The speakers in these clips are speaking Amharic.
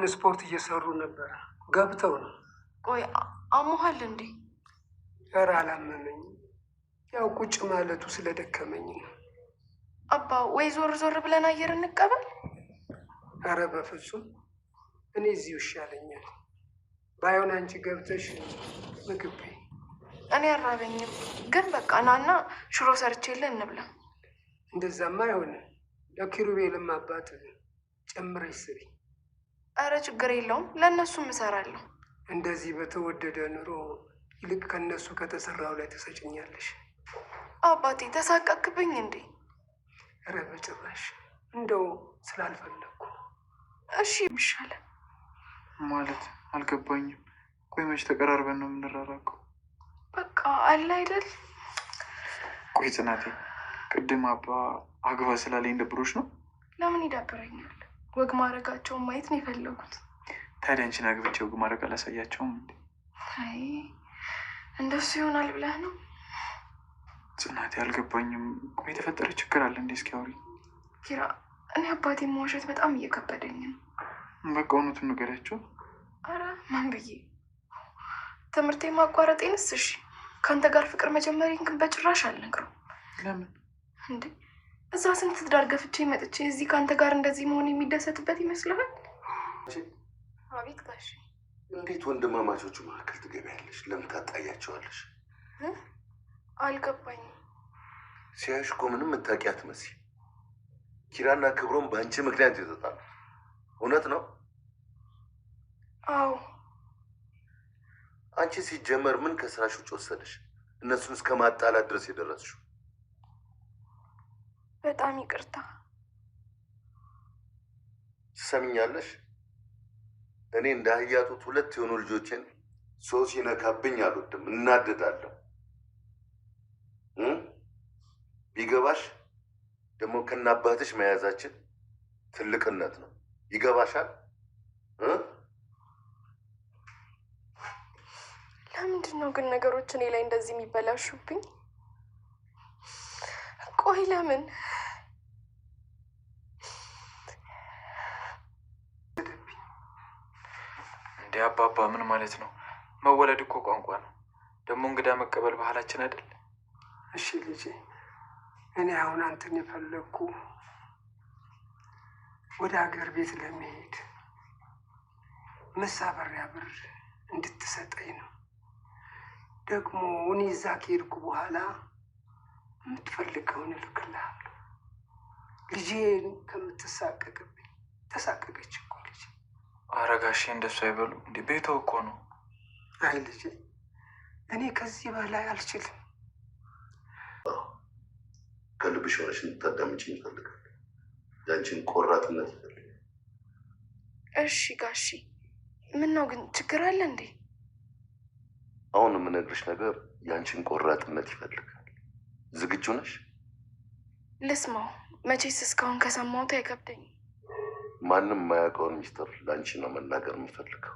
ምን ስፖርት እየሰሩ ነበር። ገብተው ነው። ቆይ አሞሃል እንዴ? ኧረ አላመመኝም። ያው ቁጭ ማለቱ ስለደከመኝ ነው። አባ ወይ ዞር ዞር ብለን አየር እንቀበል። ኧረ በፍጹም እኔ እዚሁ ይሻለኛል። ባይሆን አንቺ ገብተሽ ምግብ። እኔ አራበኝም፣ ግን በቃ ናና ሽሮ ሰርቼልህ እንብላ። እንደዛማ አይሆንም። ለኪሩቤልም አባት ጨምረሽ ስሪ። እረ ችግር የለውም ለእነሱም እሰራለሁ። እንደዚህ በተወደደ ኑሮ ይልቅ ከእነሱ ከተሰራው ላይ ትሰጭኛለሽ። አባቴ ተሳቀክብኝ እንዴ? እረ በጭራሽ እንደው ስላልፈለግኩ። እሺ ይሻላል ማለት አልገባኝም። ቆይ መች ተቀራርበን ነው የምንራራቀው? በቃ አለ አይደል? ቆይ ጽናቴ፣ ቅድም አባ አግባ ስላለኝ ደብሮች ነው? ለምን ይዳብረኛል? ወግ ማድረጋቸውን ማየት ነው የፈለጉት። ታዲያ አንቺን አግብቼ ወግ ማድረግ አላሳያቸውም እንዴ? አይ እንደሱ ይሆናል ብለህ ነው? ጽናት አልገባኝም። ቆይ የተፈጠረ ችግር አለ እንዴ? እስኪ ኪራ። እኔ አባቴ መዋሸት በጣም እየከበደኝ ነው። በቃ እውነቱን ንገሪያቸው። አረ ማን ብዬ ትምህርቴ ማቋረጤንስ? እሺ ከአንተ ጋር ፍቅር መጀመሪን ግን በጭራሽ አልነግረው። ለምን እንዴ? እዛ ስንት ትዳር ገፍቼ መጥቼ እዚህ ከአንተ ጋር እንደዚህ መሆን የሚደሰትበት ይመስልሃል? አቤት ጋሽ፣ እንዴት ወንድማማቾቹ መካከል ትገቢያለሽ? ለምን ታጣያቸዋለሽ? አልገባኝም። ሲያሽ እኮ ምንም የምታውቂያት አትመስይም። ኪራና ክብሮም በአንቺ ምክንያት የተጣሉ እውነት ነው? አዎ። አንቺ ሲጀመር ምን ከስራሽ ውጭ ወሰደሽ? እነሱን እስከ ማጣላት ድረስ የደረስሽው በጣም ይቅርታ። ትሰሚኛለሽ? እኔ እንደ አህያ ጡት ሁለት የሆኑ ልጆችን ሰው ሲነካብኝ አልወድም፣ እናደዳለሁ። ቢገባሽ ደግሞ ከናባትሽ መያዛችን ትልቅነት ነው። ይገባሻል? ለምንድን ነው ግን ነገሮች እኔ ላይ እንደዚህ የሚበላሹብኝ? ቆይ ለምን እንደ አባባ? ምን ማለት ነው? መወለድ እኮ ቋንቋ ነው። ደግሞ እንግዳ መቀበል ባህላችን አይደል? እሺ ልጄ፣ እኔ አሁን አንተን የፈለግኩ ወደ ሀገር ቤት ለመሄድ መሳበሪያ ብር እንድትሰጠኝ ነው። ደግሞ እኔ እዛ ከሄድኩ በኋላ የምትፈልግ ከሆነ እልክልሃለሁ። ልጄን ከምትሳቀቅብኝ ተሳቀቀች እኮ ልጄ። ኧረ ጋሼ እንደሱ አይበሉ እንዴ፣ ቤቶ እኮ ነው። አይ ልጄ፣ እኔ ከዚህ በላይ አልችልም። ከልብሽ ሆነሽ እንድታዳምጪኝ እፈልጋለሁ። ያንቺን ቆራጥነት ይፈልጋል። እሺ ጋሺ፣ ምን ነው ግን ችግር አለ እንዴ? አሁን የምነግርሽ ነገር ያንቺን ቆራጥነት ይፈልጋል። ዝግጁ ነሽ? ልስማው። መቼስ እስካሁን ከሰማሁት አይከብደኝ። ማንም ማያውቀውን ሚስጥር ለአንቺ ነው መናገር የምፈልገው።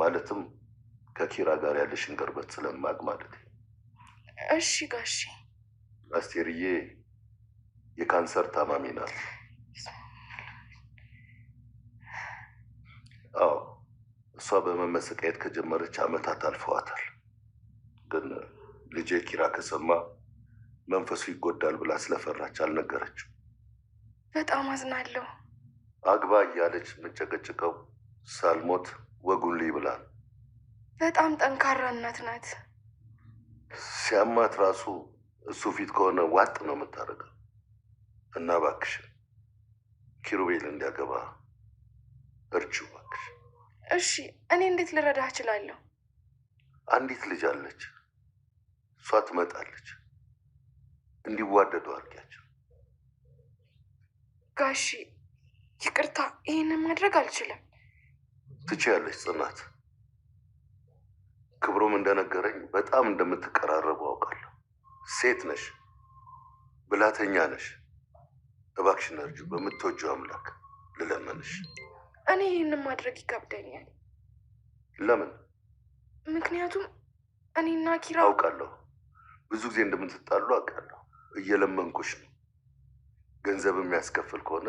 ማለትም ከኪራ ጋር ያለሽን ቅርበት ስለማቅ ማለት። እሺ ጋሺ። አስቴርዬ የካንሰር ታማሚ ናት። አዎ እሷ በመመሰቃየት ከጀመረች አመታት አልፈዋታል። ግን ልጄ ኪራ ከሰማ መንፈሱ ይጎዳል ብላ ስለፈራች አልነገረችው። በጣም አዝናለሁ። አግባ እያለች መጨቀጭቀው ሳልሞት ወጉን ብላል። በጣም ጠንካራ እናት ናት። ሲያማት ራሱ እሱ ፊት ከሆነ ዋጥ ነው የምታደርገው። እና እባክሽ ኪሩቤል እንዲያገባ እርቺው እባክሽ። እሺ፣ እኔ እንዴት ልረዳህ እችላለሁ? አንዲት ልጅ አለች፣ እሷ ትመጣለች። እንዲዋደዱ አድርጊያቸው። ጋሺ ይቅርታ፣ ይህንን ማድረግ አልችልም። ትችያለሽ ጽናት። ክብሮም እንደነገረኝ በጣም እንደምትቀራረቡ አውቃለሁ። ሴት ነሽ፣ ብላተኛ ነሽ። እባክሽን እርጁ፣ በምትወጂው አምላክ ልለመንሽ። እኔ ይህንን ማድረግ ይከብደኛል። ለምን? ምክንያቱም እኔና ኪራ አውቃለሁ፣ ብዙ ጊዜ እንደምትጣሉ አውቃለሁ። እየለመንኩሽ ነው። ገንዘብ የሚያስከፍል ከሆነ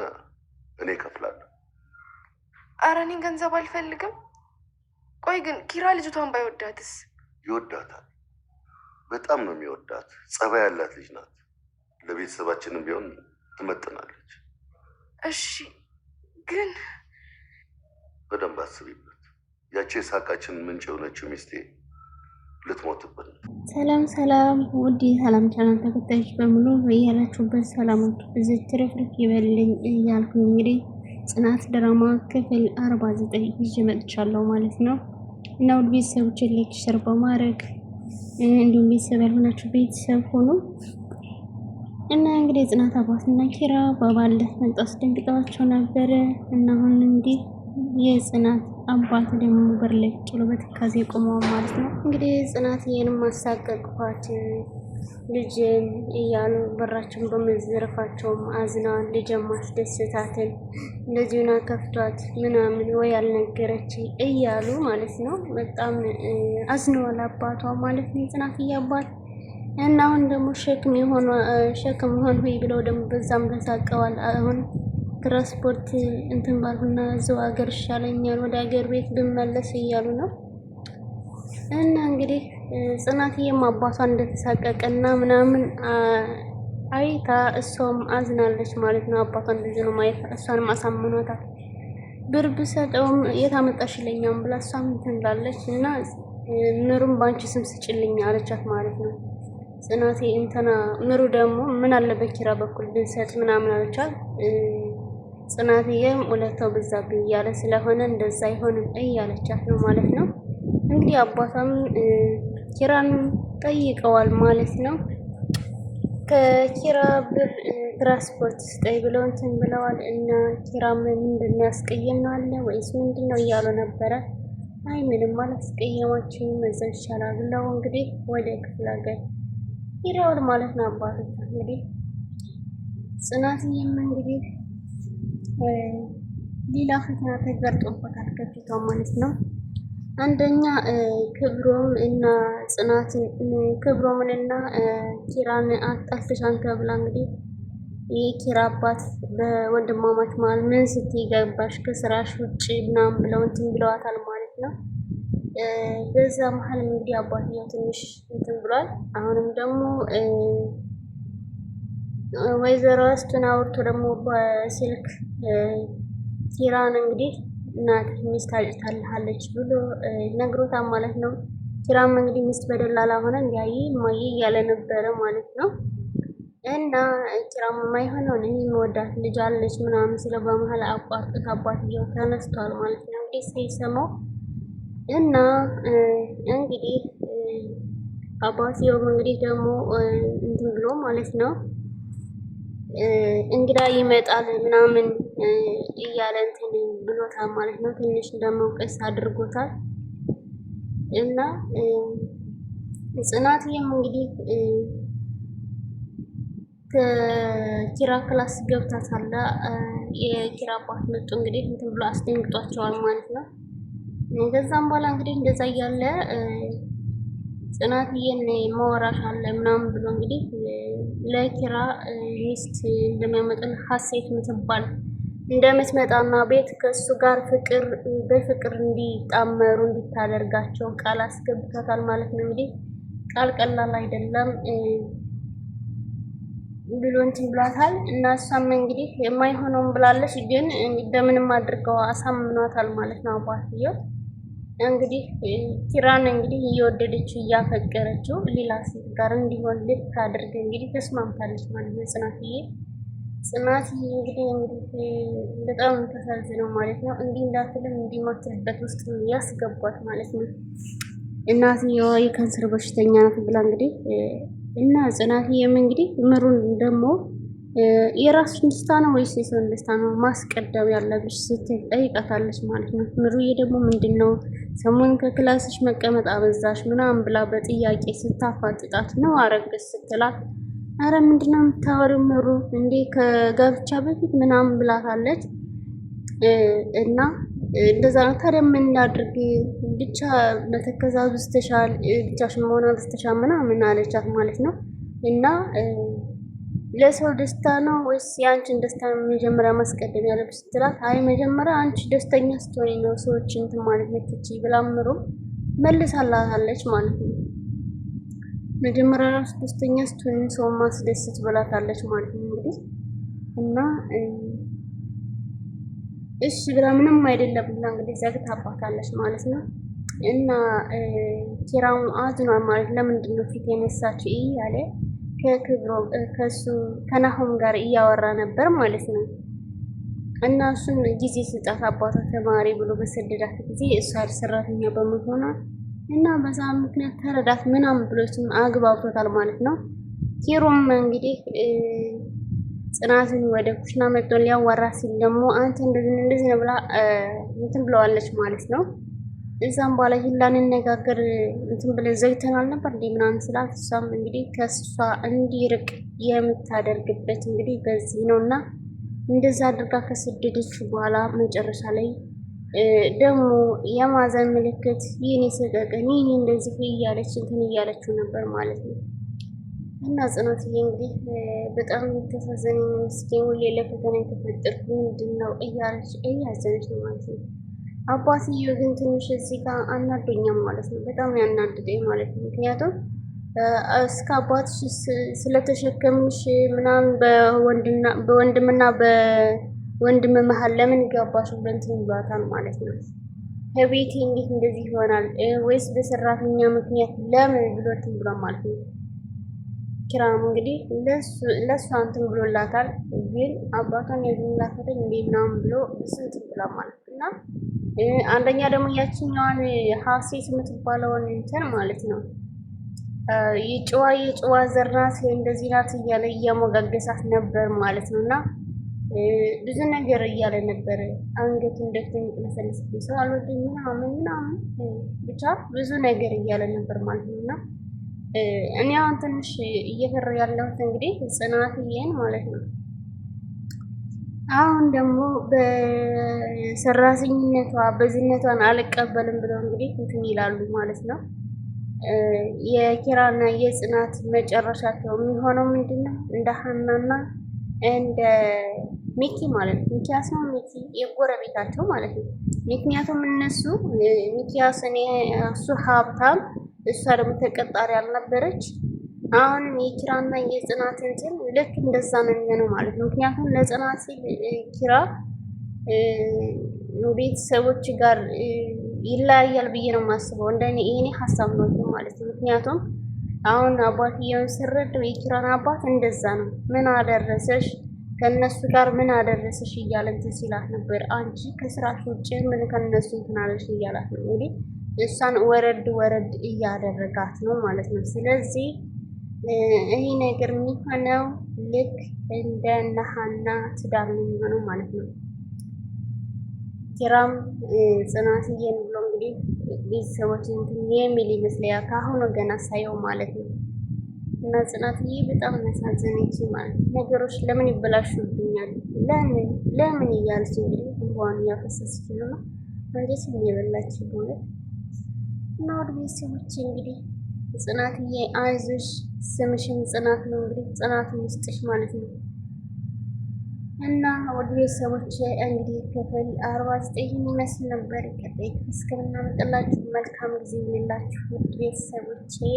እኔ እከፍላለሁ። አረ እኔ ገንዘብ አልፈልግም። ቆይ ግን ኪራ ልጅቷን ባይወዳትስ? ይወዳታል። በጣም ነው የሚወዳት። ጸባይ ያላት ልጅ ናት። ለቤተሰባችንም ቢሆን ትመጥናለች። እሺ ግን በደንብ አስቢበት። ያቺ የሳቃችን ምንጭ የሆነችው ሚስቴ ልትሞትብን። ሰላም ሰላም፣ ውድ ሰላም ቻናል ተከታዮች በሙሉ በያላችሁበት ሰላማችሁ ብዙ ትርፍርፍ ይበልልኝ እያልኩ እንግዲህ ጽናት ድራማ ክፍል አርባ ዘጠኝ ይዤ መጥቻለሁ ማለት ነው እና ውድ ቤተሰቦች ላይክ ሸር በማድረግ እንዲሁም ቤተሰብ ያልሆናችሁ ቤተሰብ ሆኑ እና እንግዲህ የጽናት አባትና ኪራ በባለ መጣ አስደንግጠዋቸው ነበረ እና አሁን እንዲህ የጽናት አባት ደግሞ በር ላይ ቁጭ በትካዜ ቆመዋል ማለት ነው። እንግዲህ ጽናት ጽናትዬንም አሳቀቅኳት ልጅን እያሉ በራቸውን በመዝረፋቸውም አዝና ልጅን ማስደስታትን እንደዚሁና ከፍቷት ምናምን ወይ ያልነገረች እያሉ ማለት ነው። በጣም አዝነዋል አባቷ ማለት ነው። ጽናት አባት እና አሁን ደግሞ ሸክም ሆኖ ብለው ደግሞ በዛም ተሳቀዋል አሁን ትራንስፖርት እንትን ባልሆና እዛው ሀገር ይሻለኛል ወደ ሀገር ቤት ብመለስ እያሉ ነው። እና እንግዲህ ጽናትዬም አባቷ እንደተሳቀቀ እና ምናምን አይታ እሷም አዝናለች ማለት ነው። አባቷ እንደዚህ ነው ማየት እሷንም አሳምኗታል። ብር ብሰጠውም የታመጣሽለኛም ብላ እሷም እንትን ላለች እና ምሩም በአንቺ ስም ስጭልኝ አለቻት ማለት ነው። ጽናቴ እንትና ምሩ ደግሞ ምን አለ በኪራ በኩል ብንሰጥ ምናምን አለቻት። ጽናትዬም ውለታው በዛብኝ እያለ ስለሆነ እንደዛ አይሆንም እያለቻት ነው ማለት ነው። እንግዲህ አባቷም ኪራን ጠይቀዋል ማለት ነው። ከኪራ ብር ትራንስፖርት ስጠይ ብለው እንትን ብለዋል እና ኪራም ምንድን ነው ያስቀየም ነው አለ ወይስ ምንድን ነው እያሉ ነበረ። አይ ምንም አላስቀየማችሁ መዘን ይቻላል ብለው እንግዲህ ወደ ክፍለ ሀገር ማለት ነው። አባቶች እንግዲህ ጽናትዬም እንግዲህ ሌላ ፈተና ተጋርጦበታል ከፊቷ ማለት ነው። አንደኛ ክብሮም እና ጽናትን ክብሮምን እና ኪራን አጣልተሻን ተብላ እንግዲህ የኪራ አባት በወንድማማች መሀል ምን ስትይ ገባሽ ከስራሽ ውጭ ምናምን ብለው እንትን ብለዋታል ማለት ነው። በዛ መሀል እንግዲህ አባትየው ትንሽ እንትን ብሏል። አሁንም ደግሞ ወይዘሮ አስቱን አውርቶ ደግሞ በስልክ ኪራን እንግዲህ እናት ሚስት አጭታልሃለች ብሎ ነግሮታል ማለት ነው። ኪራም እንግዲህ ሚስት በደላላ ሆነ እንዲያይ ማየ እያለ ነበረ ማለት ነው። እና ኪራም የማይሆነውን ይህ መወዳት ልጅ አለች ምናምን ሲለው በመሀል አቋርጦት አባትየው ተነስቷል ማለት ነው። እንግዲህ ሳይሰማው እና እንግዲህ አባትየውም እንግዲህ ደግሞ እንትን ብሎ ማለት ነው እንግዳ ይመጣል ምናምን እያለ እንትን ብሎታል ማለት ነው። ትንሽ እንደመውቀስ አድርጎታል እና ጽናትዬም እንግዲህ ከኪራ ክላስ ገብታ የኪራ አባት መጡ እንግዲህ እንትን ብሎ አስደንግጧቸዋል ማለት ነው። ከዛም በኋላ እንግዲህ እንደዛ እያለ ጽናትዬን መወራሽ አለ ምናምን ብሎ እንግዲህ ለኪራ ሚስት እንደሚያመጥን ሀሴት ምትባል እንደምትመጣና ቤት ከእሱ ጋር ፍቅር በፍቅር እንዲጣመሩ እንዲታደርጋቸው ቃል አስገብቷታል ማለት ነው። እንግዲህ ቃል ቀላል አይደለም ብሎ እንትን ብሏታል እና እሷም እንግዲህ የማይሆነውን ብላለች፣ ግን እንደምንም አድርገው አሳምኗታል ማለት ነው አባትየው እንግዲህ ኪራን እንግዲህ እየወደደችው እያፈቀረችው ሌላ ሴት ጋር እንዲሆን ልታደርግ እንግዲህ ተስማምታለች ማለት ነው ጽናትዬ። ጽናት እንግዲህ እንግዲህ በጣም ተሳዝነው ማለት ነው። እንዲህ እንዳትልም እንዲህ ማትልበት ውስጥ ያስገቧት ማለት ነው። እናትየዋ የካንሰር በሽተኛ ናት ብላ እንግዲህ እና ጽናትየም እንግዲህ ምሩን ደግሞ የራስሽን ደስታ ነው ወይስ የሰውን ደስታ ነው ማስቀደም ያለብሽ ስትል ጠይቃታለች ማለት ነው። ምሩዬ ደግሞ ምንድን ነው ሰሞን ከክላስሽ መቀመጥ አበዛሽ ምናምን ብላ በጥያቄ ስታፋጥጣት ነው አረግስ ስትላት አረ ምንድነው የምታወሪው ምሩ እንዴ ከጋብቻ በፊት ምናምን ብላታለች። እና እንደዛ ነው ታዲያ ምን ላድርግ ብቻ መተከዛዝ ብስተሻል ብቻሽን መሆን አልስተሻል ምናምን አለቻት ማለት ነው። እና ለሰው ደስታ ነው ወይስ የአንችን ደስታ መጀመሪያ ማስቀደም ያለብሽ ስትላት፣ አይ መጀመሪያ አንቺ ደስተኛ ስትሆኝ ነው ሰዎች እንትን ማለት መትች ብላ ምሩም መልሳላታለች ማለት ነው። መጀመሪያ ራሱ ደስተኛ ስትሆን ሰው ማስደስት ብላታለች ማለት ነው እንግዲህ እና እሺ ብላ ምንም አይደለም ብላ እንግዲህ ዘግታ አባታለች ማለት ነው። እና ኪራሙ አዝኗል ማለት ለምንድን ነው ፊት የነሳችው እያለ ከክብሮ ከሱ ከናሆም ጋር እያወራ ነበር ማለት ነው። እና እሱን ጊዜ ስጣት አባቷ ተማሪ ብሎ በሰደዳት ጊዜ እሷ ሰራተኛ በመሆኗ እና በዛ ምክንያት ተረዳት ምናምን ብሎ እሱም አግባብቶታል ማለት ነው። ኪሩም እንግዲህ ጽናትን ወደ ኩሽና መጥቶ ሊያዋራ ሲል ደግሞ አንተ እንደዚህ እንደዚህ ነው ብላ እንትን ብለዋለች ማለት ነው። እዛም በኋላ ሂላን እንነጋገር እንትን ብለ ዘግተናል ነበር እንዲህ ምናምን ስላት እሷም እንግዲህ ከእሷ እንዲርቅ የምታደርግበት እንግዲህ በዚህ ነው እና እንደዛ አድርጋ ከሰደደችው በኋላ መጨረሻ ላይ ደግሞ የማዘን ምልክት ይህን የሰቀቀን ይህ እንደዚህ እያለች እንትን እያለችው ነበር ማለት ነው። እና ጽናትዬ እንግዲህ በጣም ተሳዘነ ምስኪን፣ ሁሌ ለፈተና የተፈጠርኩ ምንድን ነው እያለች እያዘነች ነው ማለት ነው። አባትዬው ግን ትንሽ እዚህ ጋር አናዶኛም ማለት ነው። በጣም ያናድደኝ ማለት ነው። ምክንያቱም እስከ አባትሽ ስለተሸከምሽ ምናምን በወንድምና በ ወንድም መሀል ለምን ገባሽ ብሎ እንትን ማለት ነው። ከቤቴ እንዴት እንደዚህ ይሆናል ወይስ በሰራተኛ ምክንያት ለምን ብሎ ብሏል ማለት ነው። ኪራም እንግዲህ ለሱ እንትን ብሎላታል፣ ግን አባቷን የዝንላፈል እንዴ ምናምን ብሎ ስንት ብሏል ማለት ነው። እና አንደኛ ደግሞ ያችኛዋን ሀሴት የምትባለውን እንትን ማለት ነው የጨዋ የጨዋ ዘርናት እንደዚህ ናት እያለ እያሞጋገሳት ነበር ማለት ነው እና ብዙ ነገር እያለ ነበር። አንገቱ እንደት የሚቅለሰልስብኝ ሰው አልወደኝ ምናምን ምናምን ብቻ ብዙ ነገር እያለ ነበር ማለት ነው። እና እኔ አሁን ትንሽ እየፈራ ያለሁት እንግዲህ ጽናትዬን ማለት ነው። አሁን ደግሞ በሰራተኝነቷ በዝነቷን አልቀበልም ብለው እንግዲህ እንትን ይላሉ ማለት ነው። የኪራና የጽናት መጨረሻቸው የሚሆነው ምንድን ነው? እንደ ሀናና እንደ ሚኪ ማለት ነው። ሚኪያስ ነው ሚኪ የጎረቤታቸው ማለት ነው። ምክንያቱም እነሱ ሚኪያስ እኔ እሱ ሀብታም እሷ ደግሞ ተቀጣሪ አልነበረች አሁንም የኪራና የጽናት እንትን ልክ እንደዛ ነው የሚሆነው ማለት ነው። ምክንያቱም ለጽናት ሲል ኪራ ቤተሰቦች ጋር ይለያያል ብዬ ነው የማስበው። እንደ የኔ ሀሳብ ነው ማለት ነው። ምክንያቱም አሁን አባትየውን ስረደው የኪራን አባት እንደዛ ነው ምን አደረሰሽ ከእነሱ ጋር ምን አደረሰሽ እያለ እንትን ሲላት ነበር። አንቺ ከስራሽ ውጭ ምን ከእነሱ እንትን አለሽ እያላት ነው እንግዲህ እሷን ወረድ ወረድ እያደረጋት ነው ማለት ነው። ስለዚህ ይህ ነገር የሚሆነው ልክ እንደ ነሃና ትዳር ነው የሚሆነው ማለት ነው። ኪራም ጽናትዬን ብሎ እንግዲህ ቤተሰቦችን የሚል ይመስለኛል ከአሁኑ ገና ሳየው ማለት ነው። እና ጽናትዬ በጣም ያሳዘነች ማለት ነገሮች ለምን ይበላሹብኛል፣ ለምን ለምን እያለች እንግዲህ እንኳን እያፈሰሰች ነው እንዴት እንደበላች በእውነት እና ወደ ቤተሰቦች እንግዲህ ጽናትዬ አይዞሽ፣ ስምሽም ጽናት ነው እንግዲህ ጽናት ውስጥሽ ማለት ነው። እና ወደ ቤተሰቦች እንግዲህ ክፍል አርባ ዘጠኝ ይመስል ነበር። ቀጣይ ክፍል እስከምናመጣላችሁ መልካም ጊዜ ይሁንላችሁ ውድ ቤተሰቦቼ።